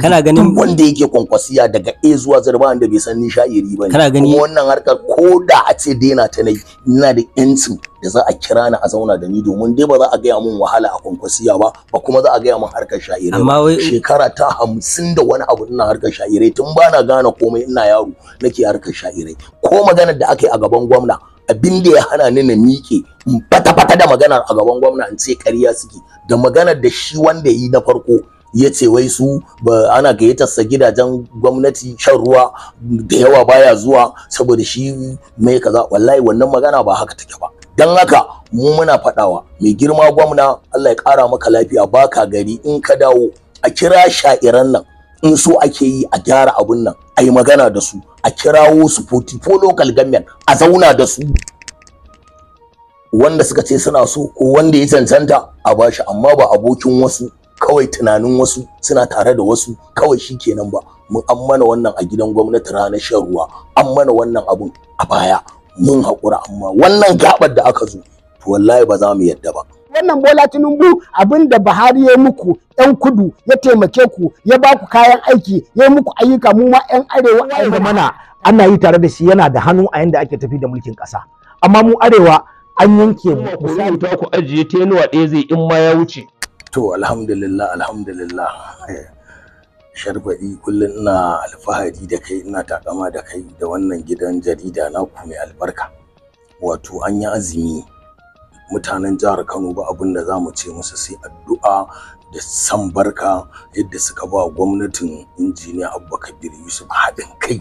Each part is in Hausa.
kana ganin wanda yake kwankwasiya daga A zuwa Z ba wanda bai san ni sha'iri ba kana kuma wannan harkar ko da a ce daina ta nayi ina da yancin da za a kira ni a zauna da ni domin dai ba za a gaya min wahala a kwankwasiya ba ba kuma za a gaya min harkar sha'iri amma wai shekara ta hamsin da wani abu ina harkar sha'irai tun bana gane komai ina yaro nake harkar sha'irai ko maganar da aka yi a gaban gwamna abin da ya hana ni na miƙe fata-fata da maganar a gaban gwamna in ce ƙarya suke da magana da shi wanda yi na farko ya ce wai su ba ana gayyatarsa gidajen gwamnati shan ruwa da yawa baya zuwa saboda shi mai kaza wallahi wannan magana ba haka take ba dan haka mu muna faɗawa mai girma gwamna Allah ya kara maka lafiya baka gari in ka dawo a kira sha'iran nan in so ake yi a gyara abun nan a yi magana da su a kirawo su fo local government a zauna da su wanda suka ce suna so ko wanda ya cancanta a bashi amma ba abokin wasu kawai tunanin wasu suna tare da wasu kawai shi kenan ba mun an mana wannan a gidan gwamnati ranar shan ruwa an mana wannan abun a baya mun haƙura amma wannan gabar da aka zo to wallahi ba za mu yadda ba wannan bola tinubu abin da buhari ya muku yan kudu ya taimake ku ya ba ku kayan aiki ya muku ayyuka mu ma yan arewa a mana ana yi tare da shi yana da hannu a yanda ake tafi da mulkin ƙasa amma mu arewa an yanke mu ta ku ajiye tenuwa ɗaya zai in ma ya wuce to alhamdulillah alhamdulillah eh, sharbaɗi kullum ina alfahari da kai ina takama da kai da wannan gidan jarida ku mai albarka wato an yi azumi mutanen jihar Kano ba abin da za mu ce musu sai addu'a da san barka yadda suka ba gwamnatin injiniya Abba Kabir Yusuf haɗin kai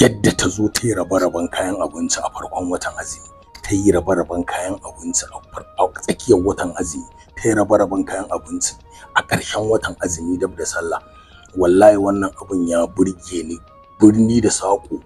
yadda ta zo ta yi rabe-raben kayan abinci a farkon watan azumi ta yi rabe-raben kayan abinci a tsakiyar watan azumi ta yi rabe kayan abinci a ƙarshen watan azumi dab da sallah wallahi wannan abun ya burge ni birni da saƙo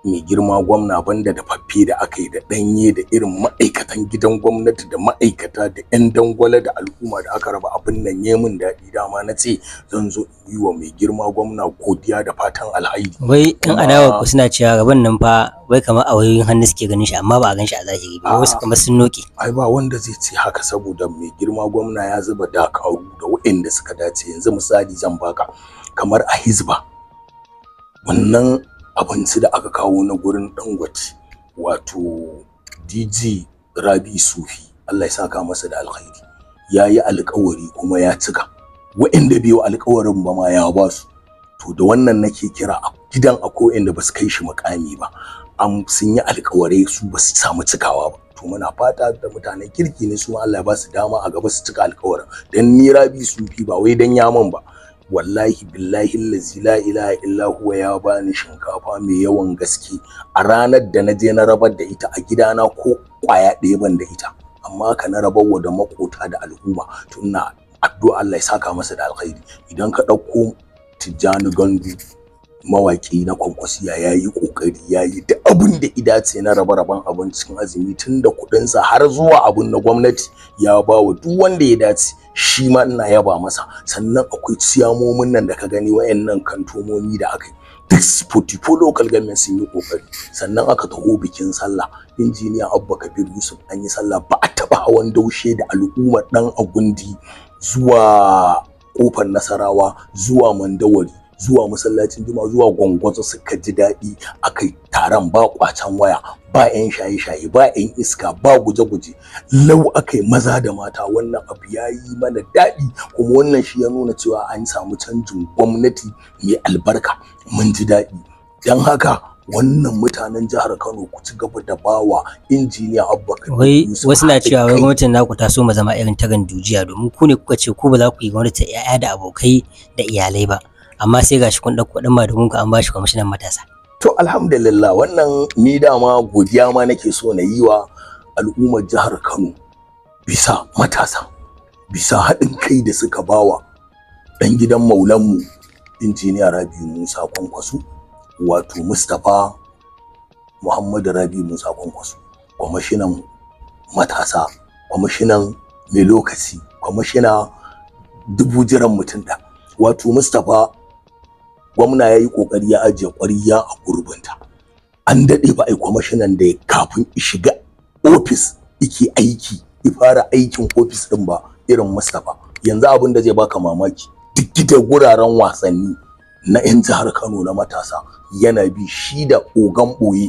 mai girma gwamna banda da faffe da aka yi da ɗanye da irin ma'aikatan gidan gwamnati da ma'aikata da 'yan dangwale da al'umma da aka raba abin nan ya min daɗi dama na ce zan zo in yi wa mai girma gwamna godiya da fatan alhaji. wai in adawa ku suna cewa gaban nan fa wai kamar a wayoyin hannu suke ganin shi amma ba a gan shi a zahiri ba wasu kamar sun noke. ai ba wanda zai ce haka saboda mai girma gwamna ya zuba dakaru da waɗanda suka dace yanzu misali zan baka kamar a hizba wannan abinci da aka kawo na gurin Dangote wato DG Rabi Sufi Allah ya saka masa da alkhairi ya yi alkawari kuma ya cika wa'inda biyu alkawarin ba ma ya ba su to da wannan nake kira a gidan akwai wa'inda ba su kai shi mukami ba an sun yi alkawarai su ba su samu cikawa ba to muna fata da mutanen kirki ne su Allah ya ba su dama a gaba su cika alkawarin dan ni Rabi Sufi ba wai dan yaman ba wallahi billahi lazi la ilaha illa huwa ya bani shinkafa mai yawan gaske a ranar da na je na rabar da ita a gidana ko kwaya ɗaya ban da ita amma ka na rabar wa da makota da al'umma tunna na addu'a Allah ya saka masa da alkhairi idan ka ɗauko tijjani gandu mawaƙi na kwankwasiya ya yi ƙoƙari ya yi duk abin da dace na rabe-raben abincin azumi tun da kuɗinsa har zuwa abin na gwamnati ya ba wa duk wanda ya dace shi ma ina yaba masa sannan akwai ciyamomin nan da ka gani wayannan kantomomi da aka yi duk 44 local government sun yi ƙoƙari sannan aka taho bikin sallah injiniya abba kabir yusuf an yi sallah ba a taɓa hawan daushe da al'ummar ɗan agundi zuwa ƙofar nasarawa zuwa mandawari zuwa masallacin juma'a zuwa gwangwazo suka ji daɗi aka taron ba kwacen waya ba 'yan shaye-shaye ba 'yan iska ba guje-guje lau aka maza da mata wannan abu ya yi mana daɗi kuma wannan shi ya nuna cewa an samu canjin gwamnati mai albarka mun ji daɗi don haka wannan mutanen jihar Kano ku ci gaba da bawa injiniya Abubakar wai wasu na cewa wai gwamnatin naku ta so mu zama irin ta jiya domin ku ne kuka ce ku ba za ku yi gwamnati ta yaya da abokai da iyalai ba amma sai gashi kun ɗauko ɗan madugun ka an bashi kwamishinan matasa. To alhamdulillah wannan ni dama godiya ma nake so na yi wa al'ummar jihar Kano bisa matasa bisa haɗin kai da suka bawa ɗan gidan maulanmu injiniya Rabi Musa Kwankwaso wato Mustapha Muhammadu Rabi Musa Kwankwaso kwamishinan matasa kwamishinan mai lokaci kwamishina dubu jiran mutum wato mustapha gwamna ya yi ƙoƙari ya ajiye ƙwariya a gurbinta an daɗe ba a yi kwamashinan da kafin shiga ofis ike aiki ya fara aikin ofis ɗin ba irin mustapha yanzu abin da zai baka mamaki duk gidan wuraren wasanni na 'yan jihar kano na matasa yana bi shi da ogan ɓoye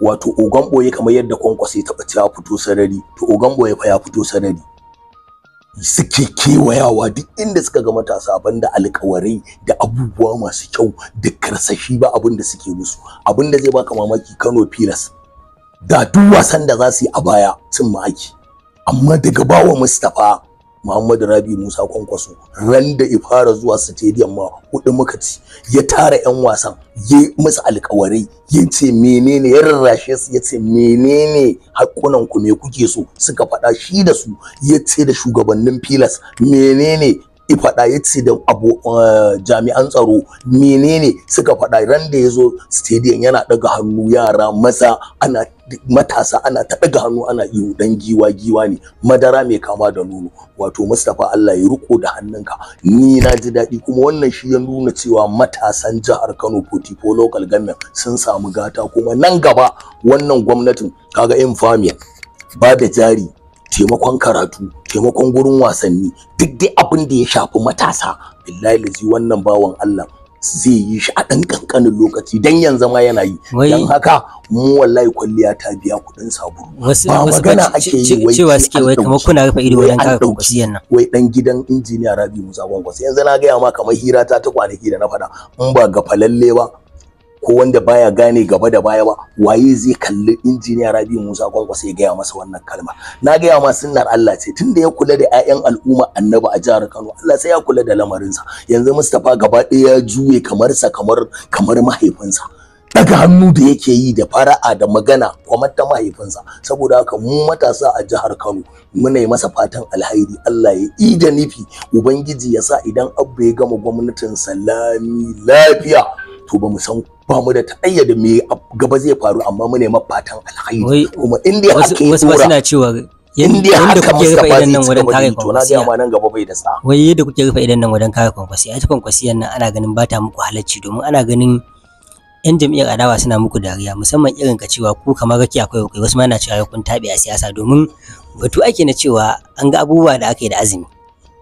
wato ogan ɓoye kamar yadda kwankwasa ya taɓa ya fito sarari to ogan ɓoye fa ya fito sarari suke kewayawa duk inda suka ga matasa banda alkawarai da abubuwa masu kyau da karsashi ba abin da suke musu abin da zai baka mamaki Kano Pilas da duk wasan da za su yi a baya sun ma'aki amma daga bawa Mustapha Muhammadu Rabi Musa Kwankwaso ran da fara zuwa stadium ma hudu muka ci ya tara yan wasan ya musu alƙawari. ya ce menene ya rarrashe su ya ce menene hakkunan ku me kuke so suka faɗa shi da su ya ce da shugabannin filas menene faɗa ya ce da eh, jami'an tsaro menene suka faɗa ran da ya zo stadium yana ɗaga hannu yara masa ana matasa ana ta ɗaga hannu ana iyo dan giwa giwa ne madara mai kama da nono wato mustapha allah ya riko da hannunka ni na ji daɗi kuma wannan shi ya nuna cewa matasan jihar kano potifo local government sun samu gata kuma nan gaba wannan gwamnatin kaga infamia ba da jari taimakon karatu taimakon gurin wasanni duk dai abin da ya shafi matasa billahi lazi wannan bawan Allah zai yi shi a ɗan ƙanƙanin lokaci don yanzu ma yana yi don haka mu wallahi kwalliya ta biya kuɗin sabulu ba magana ake yi wai cewa suke wai kamar kuna rufe ido wajen nan wai ɗan gidan injiniya Rabi Musa Gwangwas yanzu na gaya ma kamar hira ta ta kwanaki da na faɗa in ba ga falalle ba ko wanda baya gane gaba da baya ba waye zai kalli injiniya Rabi Musa Kwankwasa, ya gaya masa wannan kalma na gaya ma sunnar Allah ce tunda ya kula da 'ya'yan al'umma annabi a jihar Kano Allah sai ya kula da lamarinsa yanzu Mustapha gaba ɗaya ya juye kamar sa kamar kamar mahaifinsa daga hannu da yake yi da fara'a da magana kwamar ta mahaifinsa saboda haka mu matasa a jihar Kano muna yi masa fatan alhairi Allah ya yi da nufi ubangiji ya sa idan abba ya gama gwamnatin salami lafiya to ba mu san ba mu da da me gaba zai faru amma mu nema fatan alkhairi kuma indiya haka ya tsora wasu na cewa yadda kuke rufe idan nan wajen kare nan gaba bai da sa wai yadda kuke rufe idan nan wajen kare kwankwasiya ita kwankwasiyar nan ana ganin ba ta muku halacci domin ana ganin yan jam'iyyar adawa suna muku dariya musamman irin ka cewa ku kamar kake akwai kai wasu ma na cewa kun tabe a siyasa domin batu ake na cewa an ga abubuwa da aka yi da azumi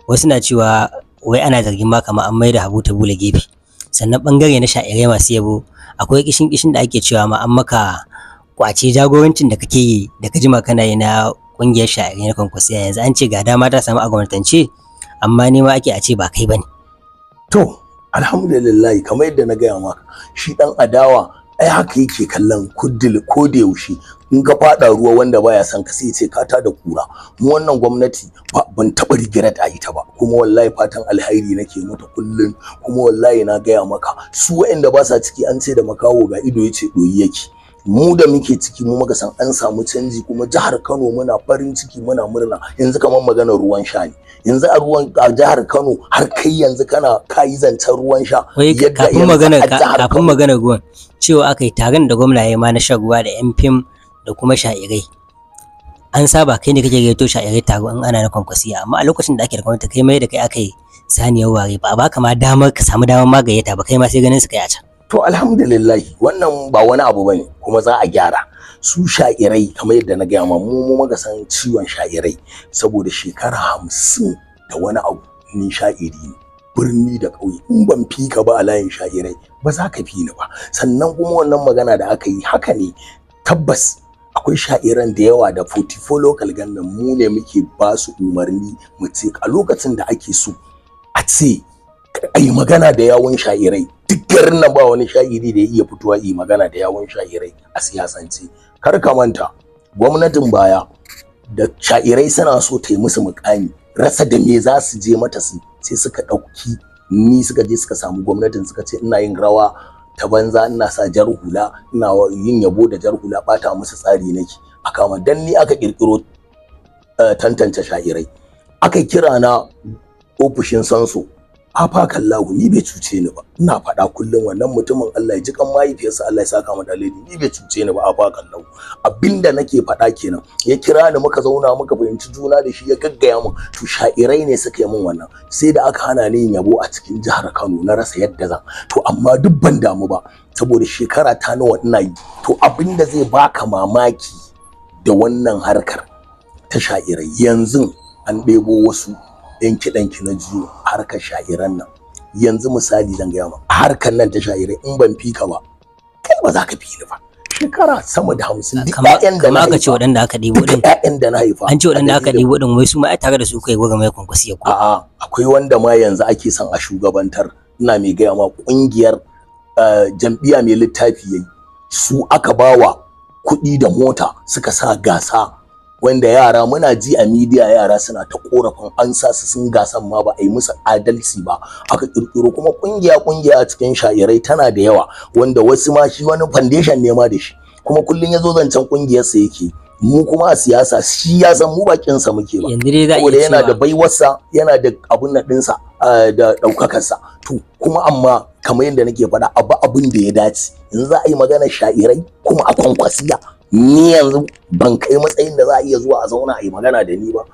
wasu na cewa wai ana zargin ma kamar an mai da habu ta bula gefe sannan bangare na sha'irai masu yabo akwai kishin kishin da ake cewa ma an maka kwace jagorancin da kake yi da ka jima kana yi na kungiyar sha'ani na kwankwasi yanzu an ce ga dama ta samu a gwamnatance amma ma ake a ce ba kai bane to alhamdulillah kamar yadda na gaya maka shi dan adawa ai haka yake kallon kuddil ko da yaushe in ka fada ruwa wanda baya son ka sai ce ka da kura mu wannan gwamnati ba ban taba rigirat a ita ba kuma wallahi fatan alhairi nake mata kullun kuma wallahi na gaya maka su waɗanda ba sa ciki an ce da makawo ga ido yace doyi yake mu da muke ciki mu muka san an samu canji kuma jihar Kano muna farin ciki muna murna yanzu kamar maganar ruwan sha ne yanzu a ruwan a jihar Kano har kai yanzu kana kayi zancen ruwan sha yadda kafin magana kafin magana ruwan cewa aka yi taron da gwamna ya ma na shan ruwa da yan fim da kuma sha'irai an saba kai ne kake gaito sha'irai taro an ana na kwankwasiya amma a lokacin da ake da gwamnati kai mai da kai aka yi saniyar ware ba a baka ma damar ka samu damar magayyata ba kai ma sai ganin su kai a can to alhamdulillah wannan ba wani abu bane kuma za a gyara su sha'irai kamar yadda na gaya ma mu ga san ciwon sha'irai saboda shekara hamsin da wani abu ni sha'iri ne birni da ƙauye in ban fi ka ba a layin sha'irai ba za ka fi ni ba sannan kuma wannan magana da aka yi haka ne tabbas akwai sha'iran da yawa da 44 local gannan mu ne muke ba su umarni mu ce a lokacin da ake so a ce ayi magana da yawon sha'irai duk garin nan ba wani sha'iri da ya iya fitowa yi magana da yawon sha'irai a siyasance kar ka manta gwamnatin baya da sha'irai suna so ta yi musu mukami rasa da me za su je mata su sai suka ɗauki ni suka je suka samu gwamnatin suka ce ina yin rawa ta banza ina sa jar hula ina yin yabo da jar hula bata musu tsari nake a kama dan ni aka kirkiro eh, tantance sha'irai aka kira na ofishin sanso afakan ni bai cuce ni ba ina faɗa kullum wannan mutumin Allah ya ji kan mahaifiyarsa Allah ya saka mu dalili ni bai cuce ni ba afakan abinda nake faɗa kenan ya kira ni muka zauna muka fahimci juna da shi ya gaggaya mu to sha'irai ne suka yi mun wannan sai da aka hana ni yabo a cikin jihar Kano na rasa yadda zan to amma duk ban damu ba saboda shekara ta nawa ina yi to abinda zai baka mamaki da wannan harkar ta sha'irai yanzu an ɗebo wasu yan kiɗan ki na jiyo harka shahiran nan yanzu misali zan gaya maka harkar nan ta shahirai in ban fika ba kai ba za ka fi ni ba shekara sama da hamsin duk ƴaƴan da na haifa ce waɗanda aka ɗibo din ƴaƴan da na haifa an ce waɗanda aka ɗibo din wai su ma ai tare da su kai gwaga mai kwankwasi ya ko a'a akwai wanda ma yanzu ake son a shugabantar ina mai gaya ma ƙungiyar eh, jam'iyya mai littafi yayi su aka bawa kuɗi da mota suka sa gasa wanda yara muna ji a media yara suna ta korafin an sa su sun gasan ma ba a yi musu adalci ba aka kirkiro kuma kungiya kungiya a cikin sha'irai tana da yawa wanda wasu ma shi wani foundation ne ma da shi kuma kullun yazo zancen kungiyar sa yake mu kuma a siyasa shi ya san mu bakin sa muke ba saboda yana da baiwarsa yana da abun nan da ɗaukakarsa. to kuma amma kamar yadda nake faɗa abu abin da ya dace in za a yi magana sha'irai kuma a kwankwasiya ni yanzu ban kai matsayin da za a iya zuwa a zauna a yi magana da ni ba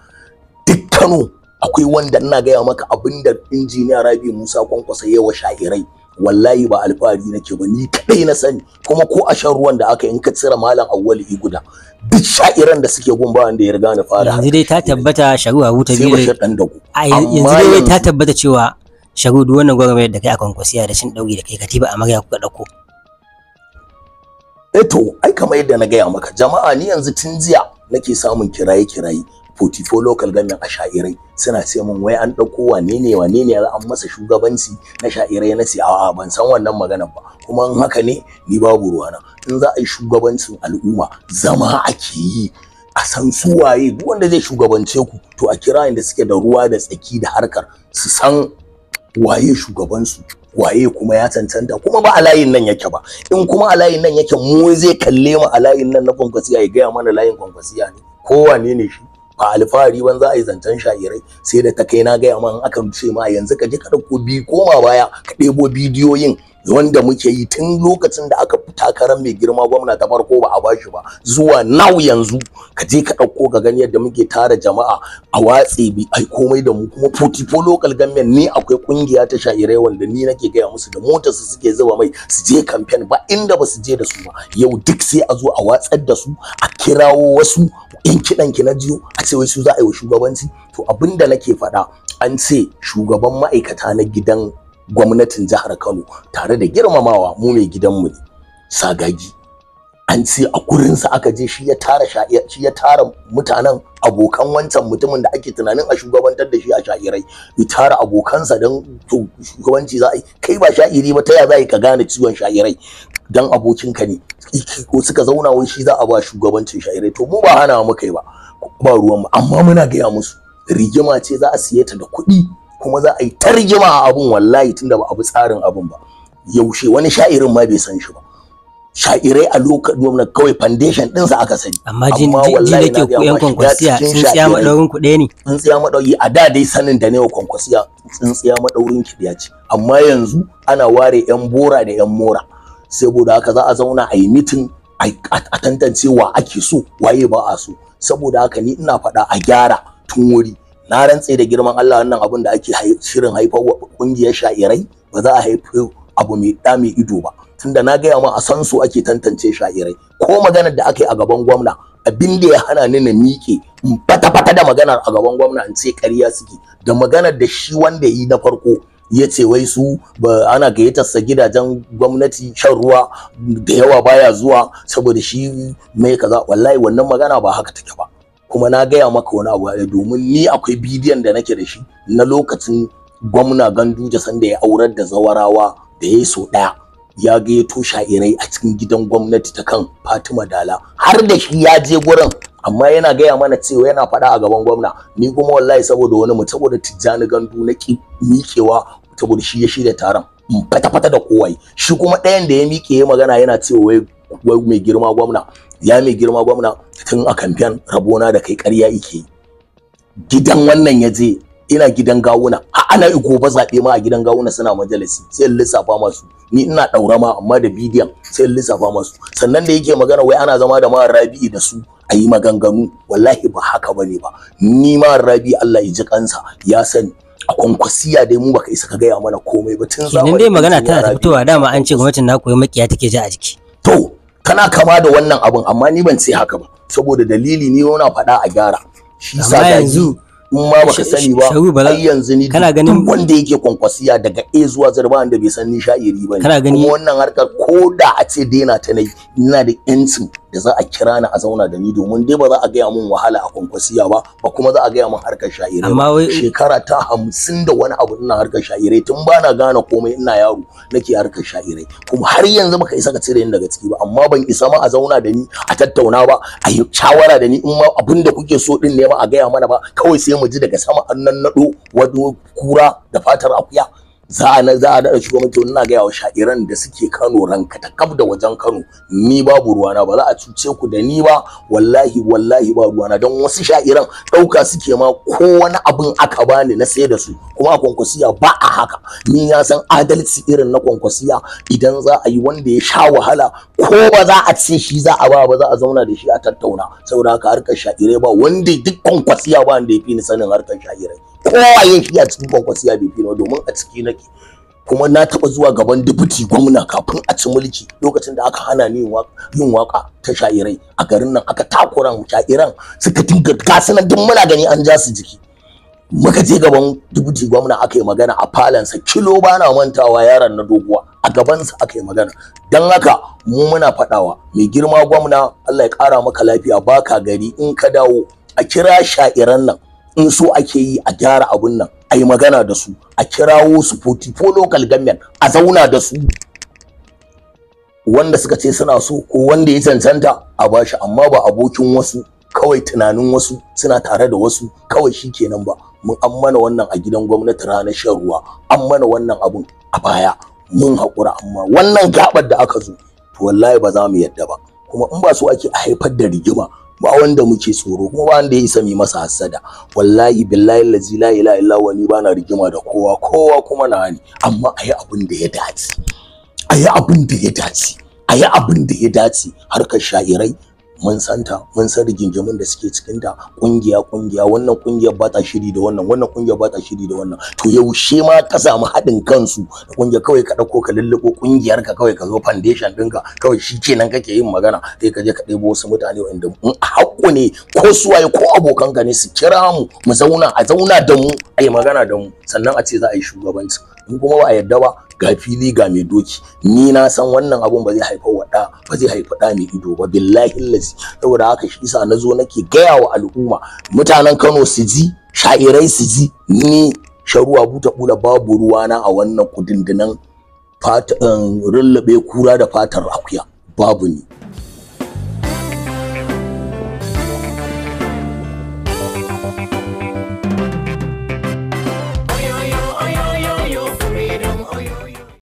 duk Kano akwai wanda ina gaya maka abinda injiniya Rabi Musa Kwankwasa yawa shahirai. wallahi ba alfahari nake ba ni kadai na sani kuma ko a shan ruwan da aka in ka tsira malam awwali iguda guda duk sha'iran da suke gun ba wanda ya riga na fara yanzu dai ta tabbata sharu a wuta biyu yanzu dai ta tabbata cewa sharu duk wannan gwagwarmayar da kai a kwankwasiya da shin dauki da kai katiba a ku ka dauko eto eh ai kamar yadda na gaya maka jama'a ni yanzu tun jiya nake samun kiraye kiraye 44 local government a sha'irai suna ce min wai an ɗauko wane ne wane ne an masa shugabanci na sha'irai na ce a'a ban san wannan magana ba kuma in haka ne ni babu ruwa na. in za a yi shugabancin al'umma zama ake yi a san su waye duk wanda zai shugabance ku to a kira da suke da ruwa da tsaki da harkar su san waye shugabansu waye kuma ya cancanta kuma ba a layin nan yake ba in kuma a layin nan yake mu zai kalle mu a layin nan na kwankwasiya ya gaya mana layin kwankwasiya ne ko wane ne shi ba alfahari ban za a yi zancen shahirai. sai da ta kai na gaya mana akan ce ma yanzu ka je ka ɗauko bi koma baya ka ɗebo bidiyoyin wanda muke yi tun lokacin da aka fi takarar mai girma gwamna ta farko ba a bashi ba zuwa nau yanzu ka je ka ɗauko ka gani yadda muke tara jama'a a watse bi ai komai da mu kuma fotifo local government ni akwai kungiya ta sha'irai wanda ni nake gaya musu da motar su suke zuba mai su je campaign ba inda ba su je da su ba yau duk sai a zo a watsar da su a kirawo wasu in kiɗan ki na jiyo a ce wai su za a yi wa shugabanci to abinda nake faɗa an ce shugaban ma'aikata na gidan gwamnatin jihar Kano tare da girmamawa mu mai gidanmu ne sagagi an ce a kurinsa aka je shi ya tara shi ya tara mutanen abokan wancan mutumin da ake tunanin a shugabantar da shi a sha'irai ya tara abokansa don shugabanci za a yi kai ba sha'iri ba ta ya za ka gane ciwon sha'irai dan abokinka ne ko suka zauna wai shi za a ba shugabancin sha'irai to mu ba hana muka yi ba ba ruwan mu amma muna gaya musu rigima ce za a siye ta da kuɗi kuma za a yi tarjima a abun wallahi tunda ba abu tsarin abun ba yaushe wani sha'irin ma bai san shi ba sha'irai a lokacin kawai foundation sa aka sani amma jin nake ku yan kwankwasiya tsintsiya madaurin ku ɗaya ne tsintsiya madauri a da dai sanin da ne wa kwankwasiya tsintsiya madaurin ki ci amma yanzu ana ware yan bora da yan mora saboda haka za a zauna a yi mitin a tantance wa ake so waye ba a so saboda haka ni ina faɗa a gyara tun wuri na rantse da girman Allah wannan abun da ake shirin haifar wa kungiyar sha'irai ba za a haifi abu mai da mai ido ba tunda na gaya ma a san su ake tantance sha'irai ko maganar da aka yi a gaban gwamna abin da ya hana ni na miƙe in fata fata da maganar a gaban gwamna in ce ƙarya suke da maganar da shi wanda yi na farko ya ce wai su ba ana gayyatarsa gidajen gwamnati shan ruwa da yawa baya zuwa saboda shi mai kaza wallahi wannan magana ba haka take ba kuma na gaya maka wani abu domin ni akwai bidiyon da nake da shi na lokacin gwamna ganduje sanda ya aurar da zawarawa da ya yi so ɗaya ya ga ya tosha irai a cikin gidan gwamnati ta kan fatima dala har da shi ya je gurin amma yana gaya mana cewa yana faɗa a gaban gwamna ni kuma wallahi saboda wani mu saboda tijjani gandu na ki miƙewa saboda shi ya shirya taron fata-fata da kowai shi kuma ɗayan da ya miƙe magana yana cewa wai mai girma gwamna ya mai girma gwamna tun a kamfen rabona da kai ƙarya yake gidan wannan ya je ina gidan gawuna a ana iko ba zaɓe ma a gidan gawuna suna majalisi sai lissafa masu ni ina ɗaura ma amma da bidiyon sai lissafa masu sannan da yake magana wai ana zama da mara rabi'i da su ayi yi maganganu wallahi ba haka ba ne ba ni mara rabi Allah ya ji kansa ya sani a kwankwasiya dai mu baka isa ka gaya mana komai ba tun zamani dai magana tana ta fitowa dama an ce gwamnatin na koyi makiya take ji a jiki to kana kama da wannan abun amma ni ban ce haka ba saboda dalili ne yana faɗa a gyara shi sa yanzu in ma baka sani ba ai yanzu ni kana ganin wanda yake kwankwasiya daga A zuwa Z ba wanda bai san ni sha'iri ba kana gani wannan harkar ko da a ce daina ta nayi ina da yancin da za a kira ni a zauna da ni domin dai ba za a gaya min wahala a kwankwasiya ba ba kuma za a gaya min harkar sha'iri amma shekara ta hamsin da wani abu ina harkar sha'irai tun ba na gane komai ina yaro nake harkar sha'irai kuma har yanzu baka isa ka cire ni daga ciki ba amma ban isa ma a zauna da ni a tattauna ba a yi shawara da ni in ma abin da kuke so din ne ma a gaya mana ba kawai sai mu waje daga sama an nan nado wani kura da fatar akuya za a za a daɗa shugaban wani na gaya wa sha'iran da suke Kano ranka ta da wajen Kano ni babu ruwana ba za a cuce ku da ni ba wallahi wallahi ba ruwana don wasu sha'iran ɗauka suke ma ko wani abin aka bani na sai da su kuma a kwankwasiya ba a haka ni ya san adalci irin na kwankwasiya idan za a yi wanda ya sha wahala ko ba za a ce shi za a ba ba za a zauna da shi a tattauna saboda haka harkar sha'irai ba wanda duk kwankwasiya ba wanda ya fi ni sanin harkar sha'irai kowa shi a cikin kwankwasiya bai fi domin a ciki nake kuma na taɓa zuwa gaban dubuti gwamna kafin a ci mulki lokacin da aka hana ni yin waka ta sha'irai a garin nan aka takura mu sha'iran suka dinga gasunan duk muna gani an ja su jiki muka je gaban dubuti gwamna aka yi magana a falansa kilo ba na mantawa yaran na doguwa a gabansa aka yi magana don haka mu muna faɗawa mai girma gwamna Allah ya ƙara maka lafiya baka gari in ka dawo a kira sha'iran nan in so ake yi a gyara abun nan a yi magana da su a kirawo su 44 local government a zauna da su wanda suka ce suna so ko wanda ya cancanta a bashi amma ba abokin wasu kawai tunanin wasu suna tare da wasu kawai shi kenan ba mun an mana wannan a gidan gwamnati ranar shan ruwa an mana wannan abun a baya mun haƙura amma wannan gaɓar da aka zo to wallahi ba za mu yadda ba kuma in ba so ake a haifar da rigima ba wanda muke tsoro kuma ba wanda ya isa sami masa hasada wallahi billahi lazi la ilaha illa wani ba na rigima da kowa kowa kuma na ni amma ayi abin da ya dace ayi abin da ya dace ayi abin da ya dace harkar sha'irai mun santa mun san rigingimin da suke cikin ta kungiya kungiya wannan kungiya ba ta shiri da wannan wannan kungiya ba ta shiri da wannan to yaushe ma ka samu haɗin kansu da kungiya kawai ka ɗauko ka lulluɓo kungiyar ka kawai ka zo foundation ɗinka kawai shi kenan kake yin magana sai ka je ka ɗebo wasu mutane wanda in a ƙwaƙƙune ko suwaye ko abokan gani su kira mu mu zauna a zauna da mu a yi magana da mu sannan a ce za a yi shugabanci in kuma ba a yarda ba ga fili ga mai doki ni na san wannan abun ba zai haifar wa ba zai haifi ɗa mai ido ba billahi lazi saboda haka shi isa na nake gaya wa al'umma mutanen kano su ji sha'irai su ji ni sharuwa buta bula babu ruwa na a wannan kudindinan eh, rullube kura da fatar akuya babu ni